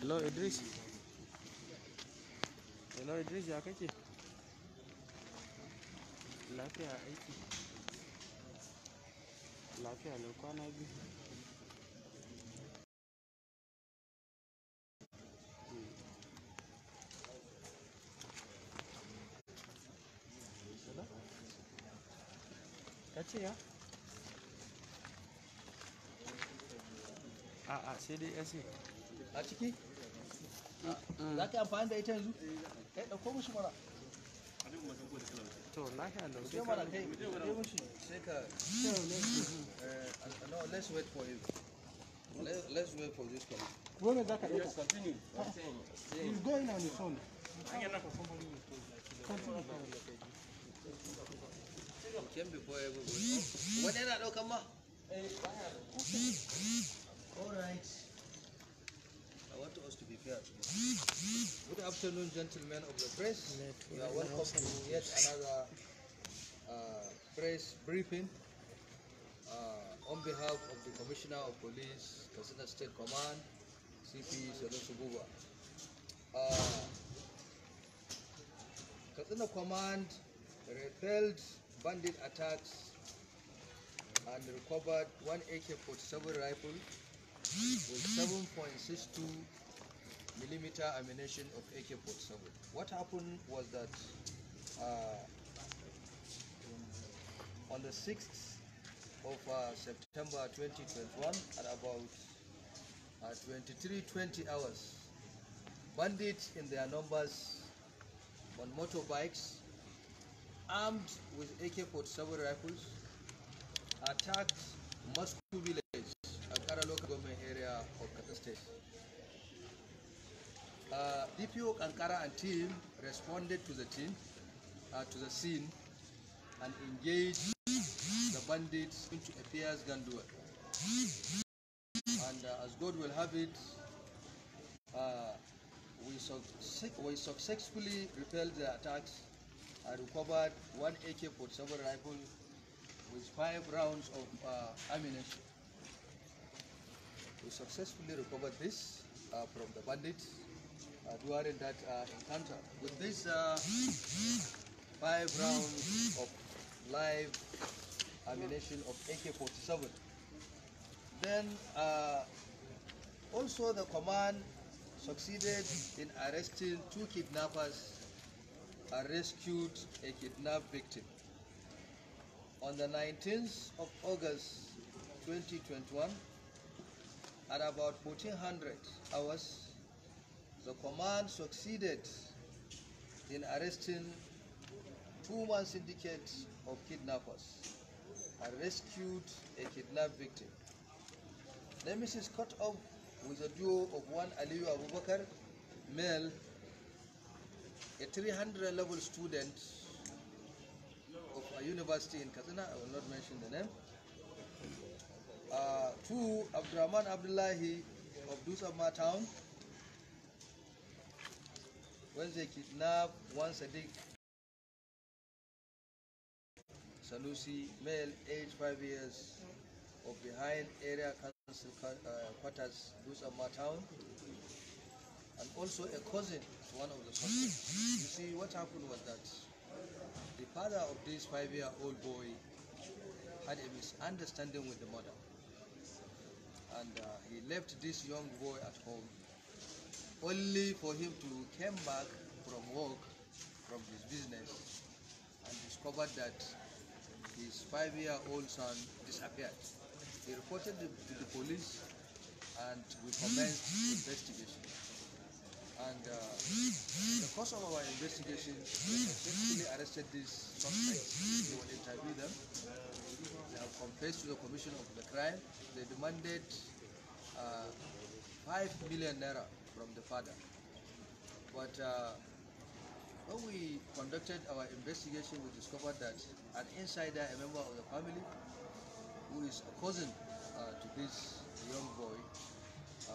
hello idris hello idris ya kake lafiya aiki lafiya lau kwana biyu ce ya? a'a sai dai ya a ciki za ka amfani da ita yanzu kai ɗauko mara to sai mara kai ɗauko sai ka eh, no let's wait for let's wait for this where ɗauko continue he's going on his own and us to be fair. Good afternoon, gentlemen of the press. We are welcome to yet another uh, press briefing uh, on behalf of the Commissioner of Police, Kasina State Command, CP Salusububa. Uh, Kasina Command repelled bandit attacks and recovered one AK-47 rifle with 7.62 millimeter ammunition of AK-47. What happened was that uh, on the 6th of uh, September 2021 at about uh, 23.20 hours, bandits in their numbers on motorbikes armed with AK-47 rifles attacked Moscow village DPO Kankara and team responded to the team, uh, to the scene, and engaged the bandits into a fierce gun duel. And uh, as God will have it, uh, we, su we successfully repelled the attacks and recovered one AK-47 rifle with five rounds of uh, ammunition. We successfully recovered this uh, from the bandits uh, during that uh, encounter. With this uh, five rounds of live ammunition of AK-47, then also the command succeeded in arresting two kidnappers and rescued a kidnapped victim. On the 19th of August 2021, at about 1400 hours, the command succeeded in arresting two-man syndicate of kidnappers and rescued a kidnapped victim. Nemesis is cut off with a duo of one Aliyu Abubakar, male, a 300 level student of a university in Katsina, I will not mention the name, uh, two Abdurrahman Abdullahi of Dusama town, when they once one Sadiq Sanusi, male, age 5 years, of behind area council uh, quarters, Dusama town, and also a cousin to one of the suspects. You see, what happened was that the father of this five-year-old boy had a misunderstanding with the mother, and uh, he left this young boy at home only for him to came back from work, from his business, and discovered that his five-year-old son disappeared. He reported it to the police, and we commenced investigation. And uh, in the course of our investigation, we successfully arrested these suspects. We will interview them. They have confessed to the commission of the crime. They demanded uh, 5 million naira from the father. But uh, when we conducted our investigation, we discovered that an insider, a member of the family, who is a cousin uh, to this young boy, uh,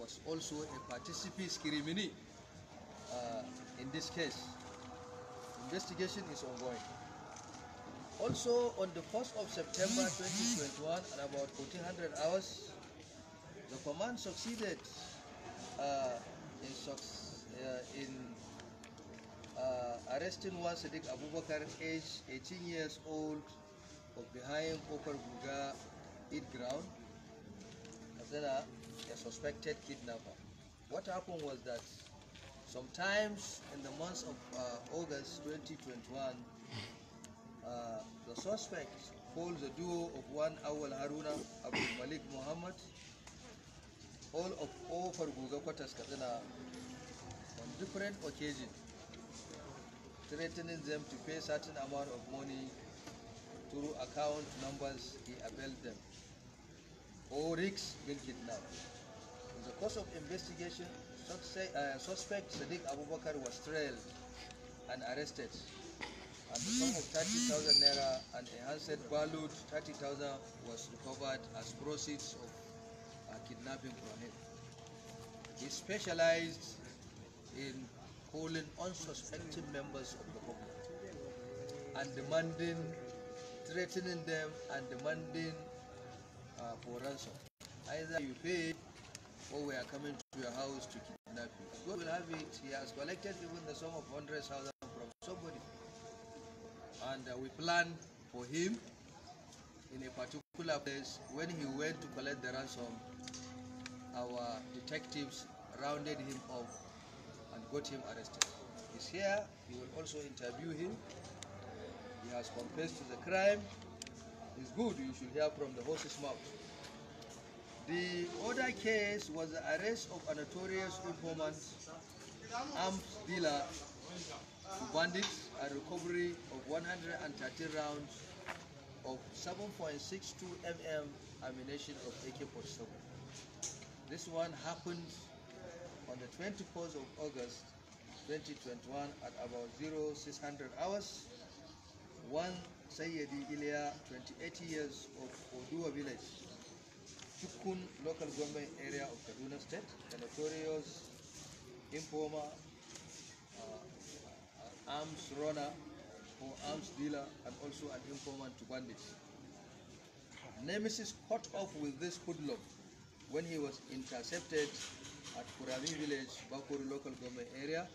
was also a participant crimini uh, in this case. Investigation is ongoing. Also, on the 1st of September 2021, at about 1400 hours, the command succeeded uh, in, uh, in uh, arresting one Sadiq Abubakar, age 18 years old, of behind Kokar Buga eat ground as ah, a suspected kidnapper. What happened was that sometimes in the month of uh, August 2021, uh, the suspect calls a duo of one Awal Haruna Abu Malik Muhammad all of all for Google quarters Katsina on different occasions, threatening them to pay certain amount of money through account numbers he availed them, All rigs will kidnapped. In the course of investigation, suspect, uh, suspect Sadiq Abubakar was trailed and arrested, and the sum of 30,000 naira and a handset valued 30,000 was recovered as proceeds of kidnapping from him. He specialized in calling unsuspecting members of the public and demanding, threatening them and demanding uh, for ransom. Either you pay or we are coming to your house to kidnap you. God will have it. He has collected even the sum of 100,000 from somebody. And uh, we planned for him in a particular place. When he went to collect the ransom, our detectives rounded him up and got him arrested. He's here. We will also interview him. He has confessed to the crime. It's good. You should hear from the horse's mouth. The other case was the arrest of a notorious informant, arms dealer to bandits, and recovery of 130 rounds of 7.62 mm ammunition of AK-47. This one happened on the 24th of August 2021 at about 0600 hours. One Sayyidi Ilya, 28 years of Odua village, Chukun local government area of Kaduna state, a notorious informer, uh, arms runner or arms dealer, and also an informant to bandits. Nemesis caught off with this hoodlum when he was intercepted at Kurami village, Bakuru local government area,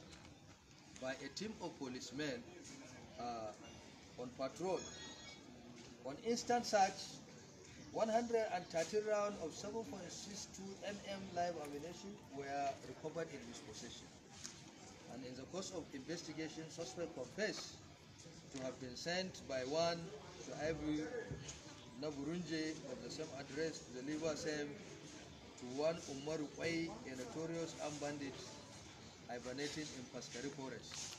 by a team of policemen uh, on patrol. On instant search, 130 rounds of 7.62 mm live ammunition were recovered in his possession. And in the course of investigation, suspect confessed to have been sent by one to every Naburunje of the same address to deliver same to warn Umaru Kwai, a notorious armed bandit hibernating in Pascari Forest.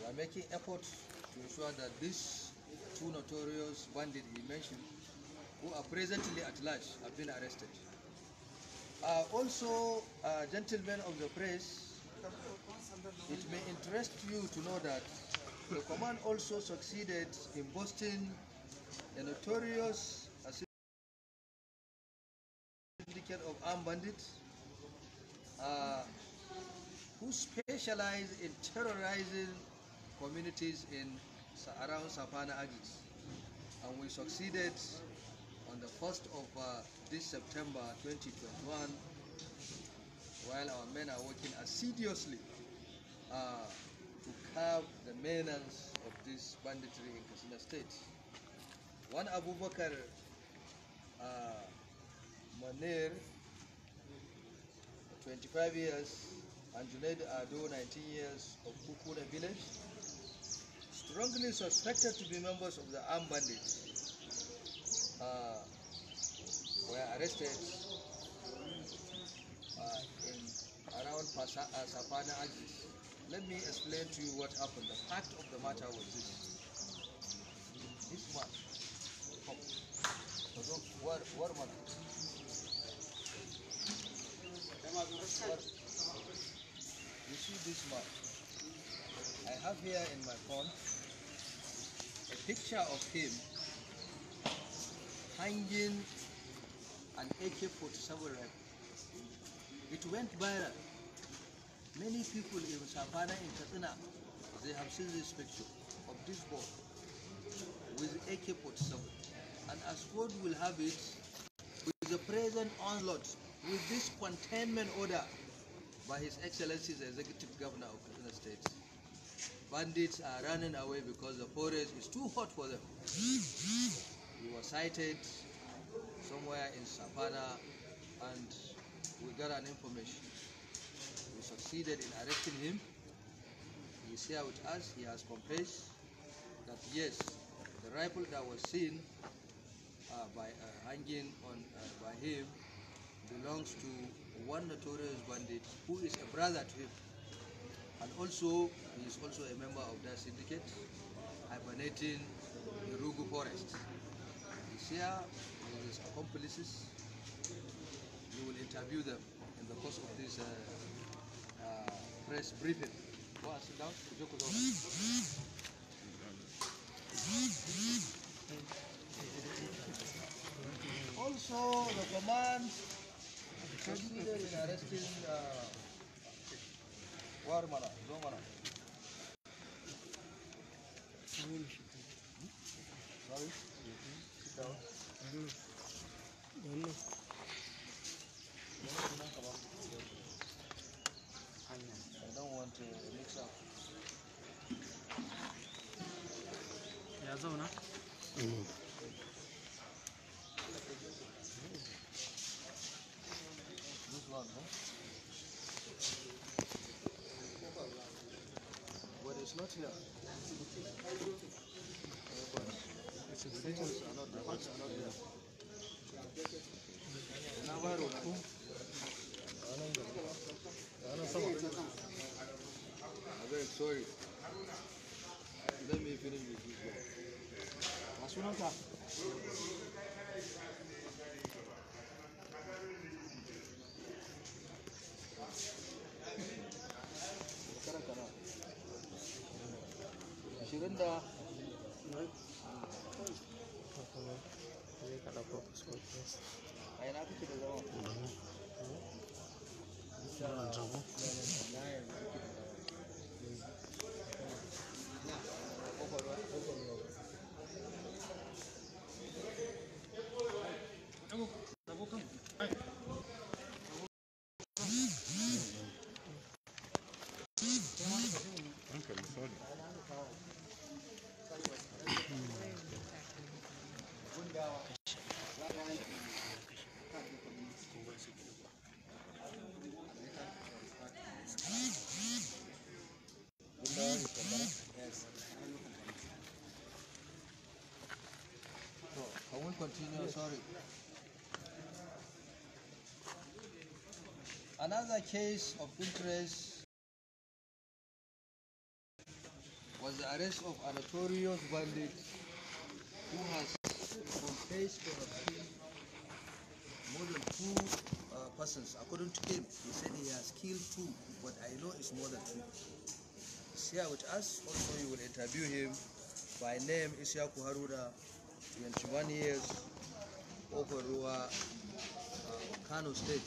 We are making efforts to ensure that these two notorious bandits he mentioned, who are presently at large, have been arrested. Uh, also, uh, gentlemen of the press, it may interest you to know that the command also succeeded in busting a notorious armed bandits uh, who specialize in terrorizing communities in around Sapana Agis. And we succeeded on the 1st of uh, this September 2021 while our men are working assiduously uh, to curb the menace of this banditry in Kasina State. One Abubakar uh, Manir 25 years, and Junaid Ado, 19 years, of Bukuna village, strongly suspected to be members of the armed bandits, uh, were arrested uh, in around Pasa, uh, Sapana Axis. Let me explain to you what happened. The fact of the matter was this. This man, oh, war man you see this map? I have here in my phone a picture of him hanging an AK-47 rifle. It went viral. Many people in Savannah, in Catena they have seen this picture of this boy with AK-47. And as God will have it, with the present onslaught with this containment order by His Excellency's Executive Governor of Kaduna State, bandits are running away because the forest is too hot for them. We were sighted somewhere in Savannah and we got an information. We succeeded in arresting him. He is here with us. He has confessed that yes, the rifle that was seen uh, by uh, hanging on uh, by him belongs to one notorious bandit who is a brother to him. And also, he is also a member of that syndicate, hibernating in Rugu Forest. He's here with his accomplices. You will interview them in the course of this uh, uh, press briefing. Go and sit down. Also, the command Consider in arresting uh, Warmana, Zomana. Sorry? Sit down. Don't look. I don't want to mix up. Ya zauna? Mm. But it's not here. are not, not I'm very sorry. Let me finish this Asunaka. 지른다. Ini kalau fokus fokus. Ayo nanti kita dong. Jangan jago. Nah, pokoknya, pokoknya. sorry. Another case of interest was the arrest of a notorious bandit who has confessed to have killed more than two uh, persons. According to him, he said he has killed two, but I know it's more than two. He's here with us. Also, you will interview him by name Ishaku Haruda. 21 years over Rua uh, Kano State.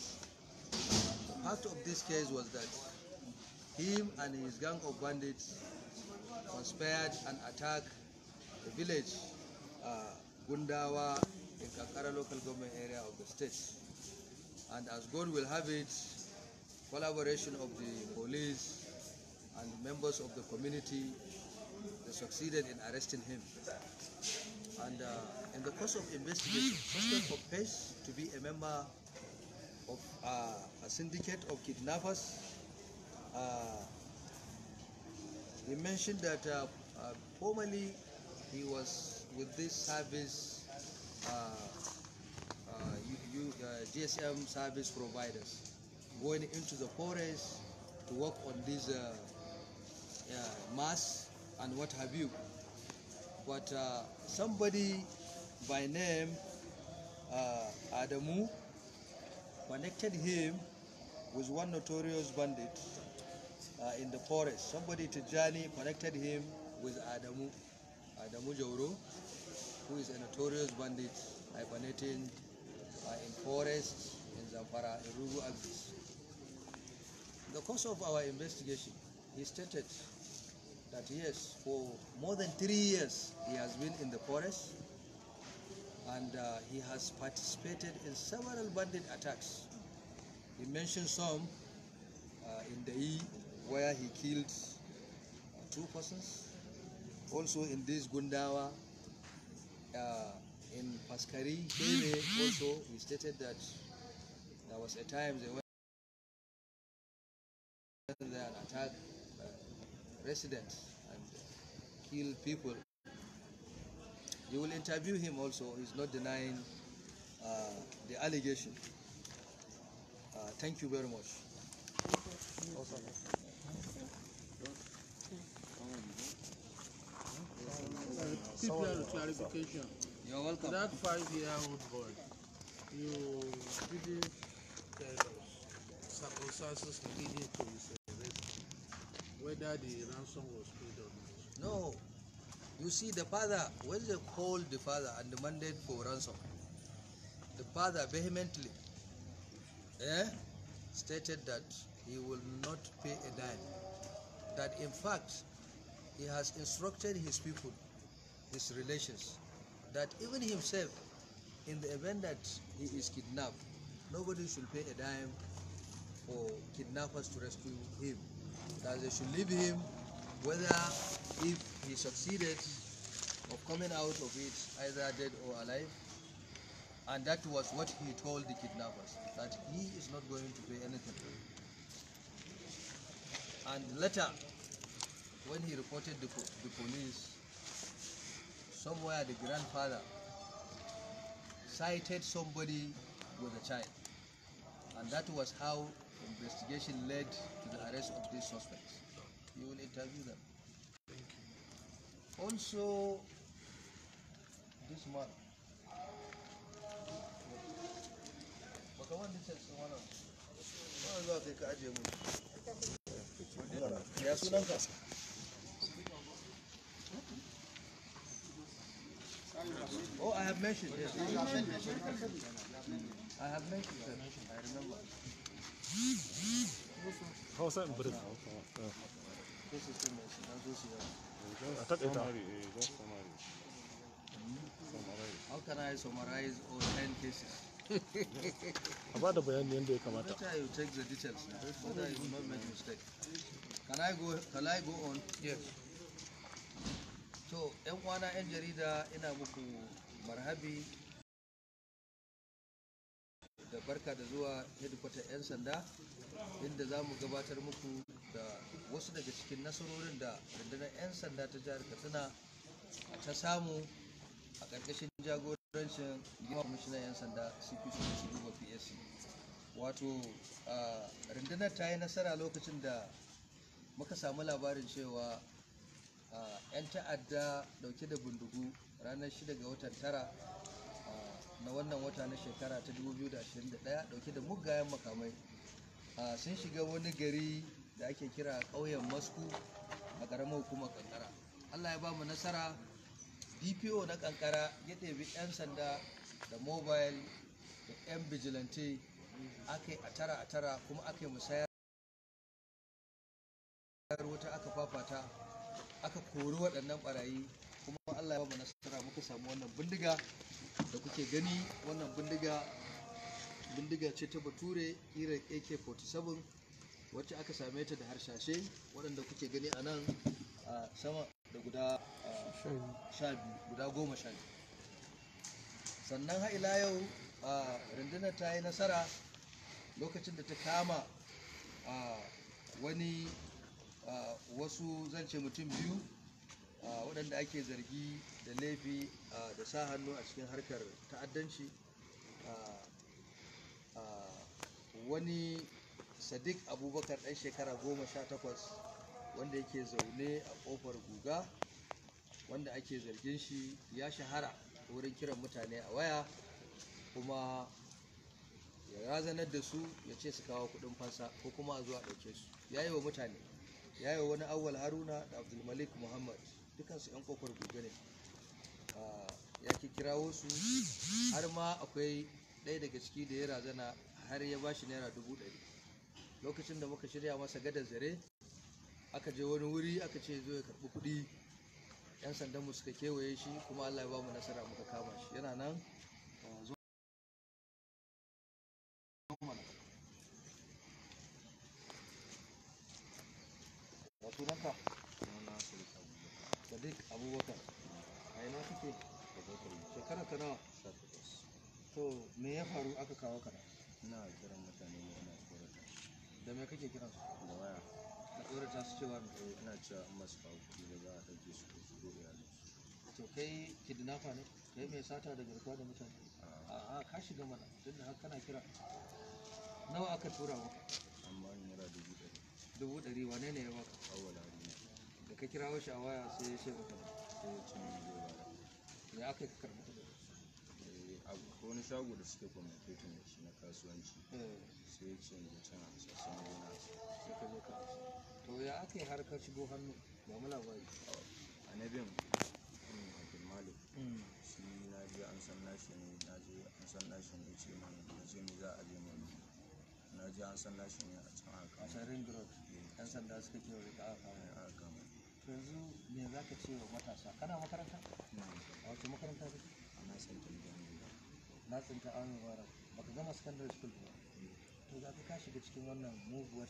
Part of this case was that him and his gang of bandits conspired and attacked the village uh, Gundawa in Kakara local government area of the state. And as God will have it, collaboration of the police and members of the community, they succeeded in arresting him. And uh, in the course of investigation, suspect confessed to be a member of uh, a syndicate of kidnappers. Uh, he mentioned that uh, uh formerly he was with this service, uh, uh, GSM service providers, going into the forest to work on these mass and what have you but uh, somebody by name uh, Adamu connected him with one notorious bandit uh, in the forest. Somebody Tijani connected him with Adamu, Adamu Joro, who is a notorious bandit hibernating uh, in forests in Zamfara, In the course of our investigation, he stated that yes, for more than three years he has been in the forest and uh, he has participated in several bandit attacks. He mentioned some uh, in the E where he killed uh, two persons. Also in this Gundawa, uh, in Paskari, also he stated that there was a time they went there and attacked residents and kill people. You will interview him also. He's not denying uh, the allegation. Uh, thank you very much. clarification. You're welcome. That five-year-old boy, you didn't tell us circumstances leading to his whether the ransom was paid or not. No. You see, the father, when they called the father and demanded for ransom, the father vehemently eh, stated that he will not pay a dime. That in fact, he has instructed his people, his relations, that even himself, in the event that he is kidnapped, nobody should pay a dime for kidnappers to rescue him that they should leave him, whether if he succeeded of coming out of it either dead or alive. And that was what he told the kidnappers, that he is not going to pay anything. And later, when he reported the, the police, somewhere the grandfather cited somebody with a child. And that was how investigation led to the arrest of these suspects. You will interview them. Also, this month, Oh, I have mentioned this. I have mentioned I remember. hausa in birin a taƙaita How can I summarize all 10 cases? kamata. you take the details so that not make mistake. Can I go, can I go on? Yes. So, ‘yan kwana ‘yan jarida ina muku marhabi barka da zuwa hedikwatar 'yan sanda inda za mu gabatar muku da wasu daga cikin nasarorin da rundunar 'yan sanda ta jihar katsina ta samu a ƙarƙashin jagorancin yawa kwamishinan 'yan sanda cp su duba psc wato rundunar ta yi nasara lokacin da muka samu labarin cewa 'yan ta'adda ɗauke da bindigu ranar 6 ga watan tara na wannan wata na shekara ta 2021 dauke da mugayen makamai sun shiga wani gari da ake kira ƙauyen masku a ƙaramar hukumar kankara allah ya ba mu nasara dpo na kankara ya ɗebi 'yan sanda da mobile da 'yan vigilante aka a tara a tara kuma aka yi musayar wuta aka fafata aka kori waɗannan ɓarayi kuma allah ya ba mu nasara muka samu wannan bindiga da kuke gani wannan bindiga bindiga ce ta bature irin ak-47 wacce aka same ta da harshashe waɗanda kuke gani a nan a sama da guda sha biyu guda goma sha biyu sannan ha'ila yau rundunar ta yi nasara lokacin da ta kama wani wasu zance mutum biyu waɗanda ake zargi da laifi da sa hannu a cikin harkar ta'addanci wani sadiq abubakar ɗan shekara goma sha takwas wanda yake zaune a ƙofar guga wanda ake zargin shi ya shahara wurin kiran mutane a waya kuma ya razanar da su ya ce su kawo kuɗin fansa ko kuma a zuwa ɗauke su ya yi wa mutane ya yi wa wani awwal haruna da abdulmalik muhammad dukansu 'yan ƙofar guga ne ya kirawo su har ma akwai ɗaya daga ciki da ya razana har ya ba shi naira dubu ɗari lokacin da muka shirya masa gadar zare aka je wani wuri aka ce zo ya karɓi kuɗi 'yan sandanmu suka kewaye shi kuma allah ya ba mu nasara muka kama shi yana nan me ya faru aka kawo ka ina kiran mutane ne ina tsorata da me kake kiran su da waya ka tsorata su cewa me eh, ina cewa in masu kawo da za a ɗauke su ko su gobe ne to kai kidnapper ne kai mai sata da garkuwa da mutane a'a ka shiga mana tunda har kana kira nawa aka tura maka amma in yara dubu dari. dubu dari wane ne ya baka awwala ne da ka kirawo shi a waya sai ya ce maka sai ya ce mai zai ba ya aka karɓi akwai wani shago da suke communicating da shi na kasuwanci sai ya ce da can a sassan gona sai ka zo to ya aka yi har ka shigo hannu ba mu labari a na biyan hmm, abdul malik hmm. shi na je an san nashi ne na je an san nashi ne ce man Na ce me za a je mu na je an san nashi ne a can aka a can ring road eh. yan sanda suka kewaye ka aka eh, aka kama yanzu me za ka ce wa matasa kana makaranta a wace makaranta kake na san tambayar na tsinta awon mubarak baka gama secondary school ba to za ka shiga cikin wannan muguwar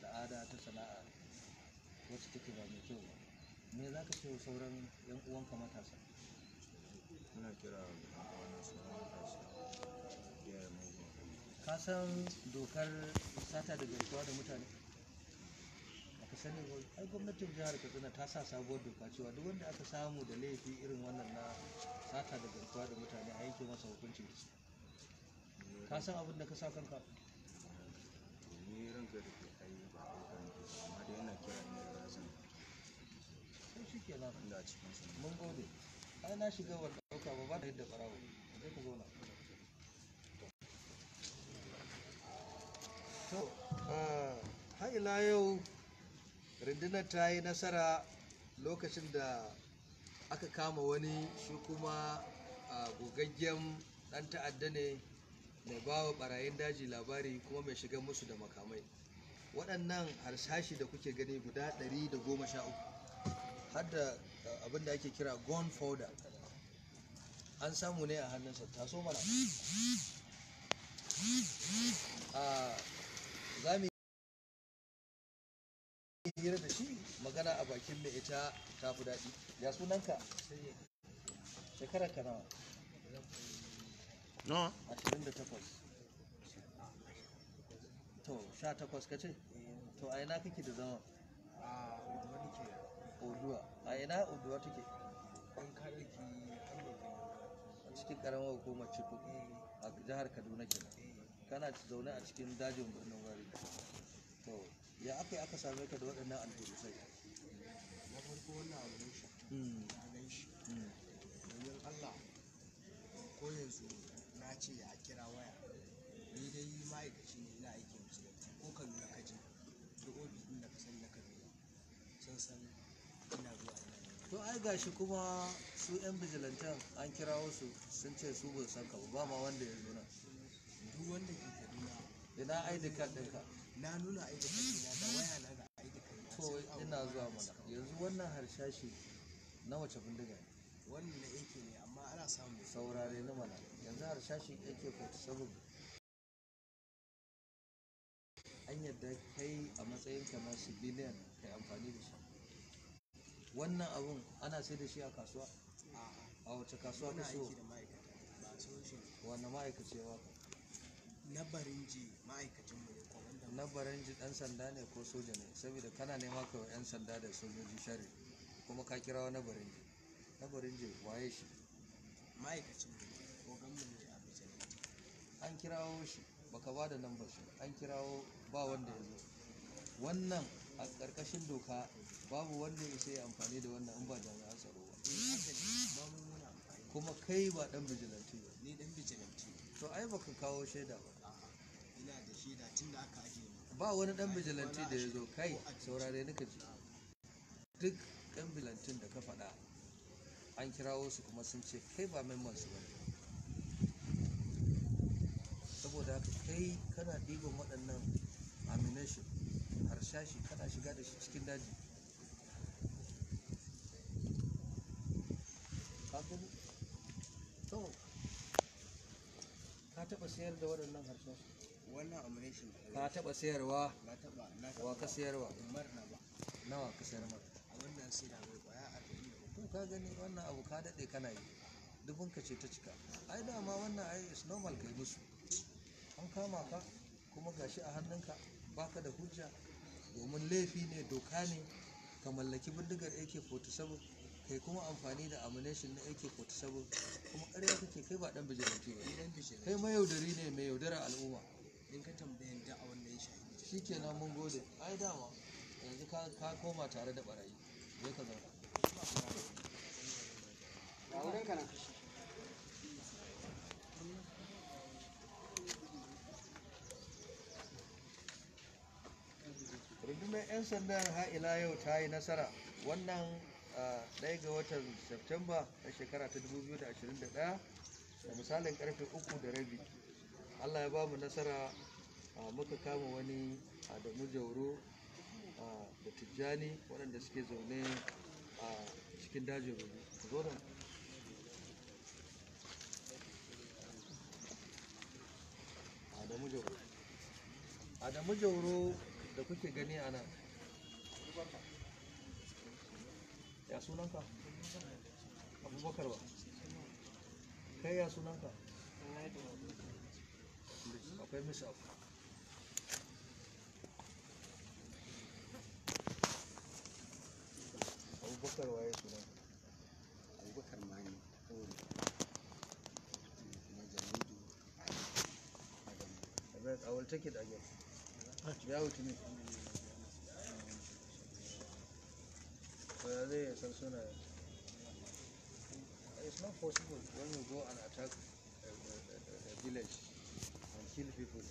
ta'ada ta sana'a wacce take ba mai kyau ba me za ka ce wa sauran yan uwanka matasa ina kira ga wani sauran matasa ya yi mugun ka san dokar sata da garkuwa da mutane baka sani ba ai gwamnatin jihar katsina ta sa sabuwar doka cewa duk wanda aka samu da laifi irin wannan na sata da garkuwa da mutane a yanke masa hukuncin kisa ka san abin da ka sa kanka ni ranka da ke kai ba ko kan kisa amma dai yana kira ne da razan sai shi ke nan da cikin su mun gode ai na shiga wa dauka ba ba da yadda barawo sai ka zauna to har ila yau rundunar ta yi nasara lokacin da aka kama wani shi kuma gogaggen ɗan ta'adda ne mai ba wa ɓarayin daji labari kuma mai shiga musu da makamai waɗannan harsashi da kuke gani guda 113 har da abin da ake kira gun powder an samu ne a hannunsa taso mana magana a bakin mai ita ta fi daɗi ya sunanka shekara ka nawa nawa ashirin da takwas to sha takwas ka ce to a ina kake da zama a oduwa nake a ina oduwa take an ki a cikin ƙaramar hukumar cikin eh. a jihar kaduna ke eh. kana zaune a cikin dajin birnin wari to ya aka yi aka same ka da waɗannan alburusai ɗauko wannan abu ne shi na gan shi domin Allah ko yanzu na ce a kira waya ni dai ma'aikaci ne ina aiki musulunci ko kaduna ka je ko ofis ɗin da ka sani na kaduna sun san ina zuwa nan to ai gashi kuma su yan bijilantan an kirawo su sun ce su bai san ka ba ma wanda ya nuna duk wanda ke kaduna ina ai da kan ɗinka na nuna ai da kan da waya na to ina zuwa mana yanzu wannan harshashi na wace bindiga ne wannan da yake ne amma ana samu saurare na mana yanzu harshashi yake 47 an yadda kai a matsayin ka na civilian kai amfani da shi wannan abun ana sai da shi a kasuwa a wace kasuwa ka so wannan ma'aikacewa na barinji ma'aikacin mu na baranji dan sanda ne ko soja ne saboda kana nema ka wa yan sanda da sojoji shari kuma ka kira na baranji na baranji waye shi ma'aikacin ko gamu ne a bisa an kirawo shi baka ba da lambar shi an kirawo ba wanda ya zo wannan a ƙarƙashin doka babu wanda ya sai amfani da wannan in ba jami'an tsaro ba eh, kuma kai ba dan bijilanti ba ni dan bijilanti to ai baka kawo shaida ba ba wani dan bijilanti da ya zo kai saurare nika ji duk dan bijilantin da ka faɗa an kirawo su kuma sun ce kai ba memban su ne. saboda haka kai kana ɗiban waɗannan amination harshashi kana shiga da shi cikin daji ka ka taɓa sayar da waɗannan harshashi ka taba sayarwa wa ka sayarwa nawa ka sayar sai da mai kwaya ka gani wannan abu ka daɗe kana yi dubun ka ce ta cika ai dama wannan ai is normal kai musu an kama ka kuma gashi a hannunka baka da hujja domin laifi ne doka ne ka mallaki bindigar ak-47 kai kuma amfani da ammunition na ak-47 kuma ƙarya kake kai ba ɗan ba kai mayaudari ne mai yaudara al'umma in ka tambayin da a wannan shayi shi ke kenan mun gode ai dama yanzu ka koma tare da barayi zai ka zauna a wurin ka rundunar 'yan sandan ha'ila yau ta yi nasara wannan ɗaya ga watan Septemba na shekara ta 2021 da misalin karfe uku da rabi Allah ya ba mu nasara muka kama wani adamu jauro da tijjani waɗanda suke zaune a cikin dajin rubu zoron adamu jauro adamu jauro da kuke gani a nan ya sunanka abubakar ba kai ya sunanka akwai misa I will take it again. It's not possible when you go and attack a, a, a village and kill people.